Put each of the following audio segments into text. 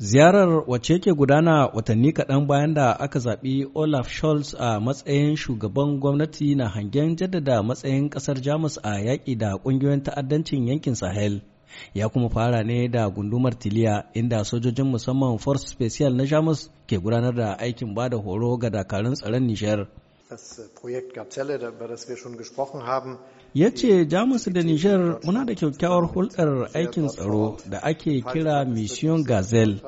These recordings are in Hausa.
Ziyarar wace ke gudana watanni kaɗan bayan da aka zaɓi Olaf Scholz a matsayin shugaban gwamnati na hangen jaddada matsayin ƙasar Jamus a yaƙi da ƙungiyoyin ta'addancin yankin Sahel. Ya kuma fara ne da gundumar Tiliya inda sojojin musamman Force Special na Jamus ke gudanar da aikin ba da horo ga dakarun tsaron Nijar. Das äh, Projekt ya ce jamus da niger muna da kyakkyawar hulɗar aikin tsaro da ake kira mission gazelle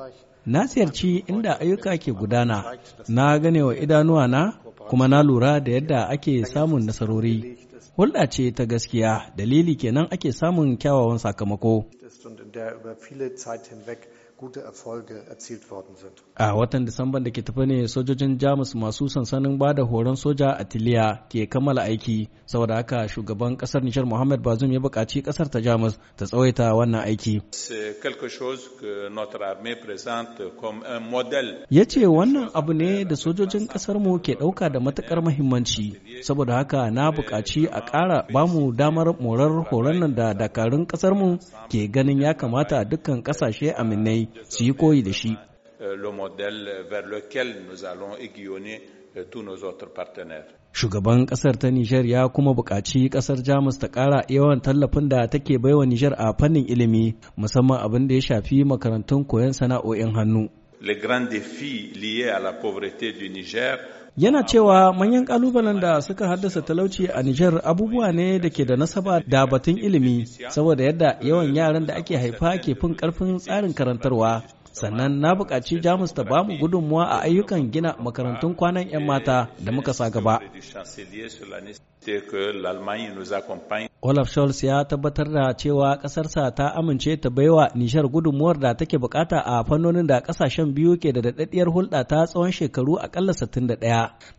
na ziyarci inda ayyuka ke gudana na gane wa idanuwa na kuma na lura da yadda ake samun nasarori hulɗa ce ta gaskiya dalili kenan ake samun kyawawan sakamako ist und in der über viele Zeit hinweg gute Erfolge erzielt worden sind. A watan Disamban da ke tafi ne sojojin Jamus masu sansanin bada horon soja a Tiliya ke kammala aiki saboda haka shugaban kasar Nijar muhammad Bazoum ya bukaci kasar ta Jamus ta tsawaita wannan aiki. Ya ce wannan abu ne da sojojin kasar mu ke ɗauka da matukar muhimmanci saboda haka na buƙaci a ƙara bamu damar morar horon nan da dakarun kasar mu ke gani. ganin ya kamata dukkan kasashe aminai su yi koyi da shi. Euh, euh, Shugaban kasar ta Nijar ya kuma bukaci kasar Jamus ta ƙara yawan tallafin da take baiwa Nijar a fannin ilimi musamman abin da ya shafi makarantun koyon sana'o'in hannu. le grand défi lié à la pauvreté du Niger yana cewa manyan kalubalen da suka haddasa talauci a Nijar abubuwa ne da ke da nasaba da batun ilimi saboda yadda yawan yaran da ake haifa ke fin karfin tsarin karantarwa sannan na buƙaci jamus ta bamu gudunmuwa a ayyukan gina makarantun kwanan 'yan mata da muka sa gaba Olaf Scholz ya tabbatar da cewa ƙasarsa ta amince ta baiwa Nishar gudunmuwar da take bukata a fannonin da kasashen biyu ke da daɗaɗɗiyar hulɗa ta tsawon shekaru aƙalla 61.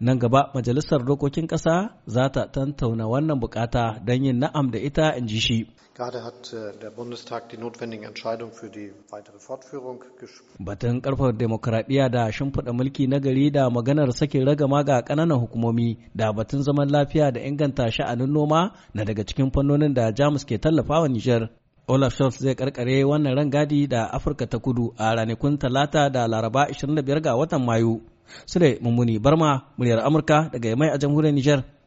Nan gaba Majalisar Dokokin Ƙasa za ta tantauna wannan bukata don yin na'am da ita in ji shi. Gerade hat äh, der Batun karfar demokradiyya da shimfiɗa mulki na gari da maganar sake ragama ga ƙananan hukumomi da batun zaman lafiya da inganta sha'anin noma na daga cikin kamfanonin da Jamus ke tallafawa Nijar. Olaf Scholz zai karkare wannan rangadi da Afirka ta kudu a ranakun Talata da Laraba 25 ga watan Mayu. Sule Mummuni Barma, muryar Amurka daga Yamai a jamhuriyar Nijar.